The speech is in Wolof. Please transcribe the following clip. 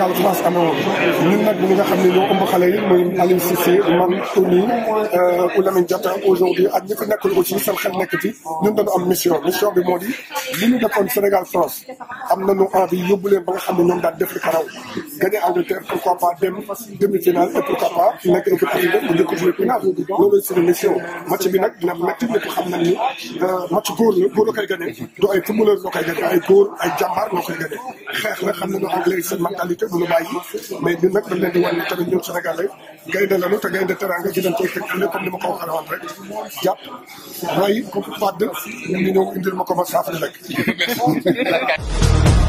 Sénégal France amoon ñu nag ñi nga xam ne ñoo ëmb xale yi muy Aliou Cissé man Tony euh, Oulamine Diatta aujourd'hui ak ñi fi nekkul ci seen xel nekk ci ñun dañu am mission mission bi modi li ñu defoon Sénégal France am nañu envie yóbbu leen ba nga xamni ne ñoom daal def li gagné Angleterre pourquoi pas dem demi-finale et pourquoi pas nekk équipe arrivée bu ñu ko jouer finale loolu ci mission match bi nak dina métti ñëpp xam nañ ni euh, match goor la góor la koy gagné du ay footballeur ñoo koy gagné ay goor ay jambar ñoo koy gagné xeex la xam nañu anglais seen mentalité du lu bàyyi mais ñun nag dañ leen di wan ne tamit ñun sénégalais gaynde lanu te gaynde teranga ci dañ koy fekk ëllëg comme ni ma ko waxee woon rek jàpp rey ko fàdd ñu ñëw indil ma ko ma saafara rek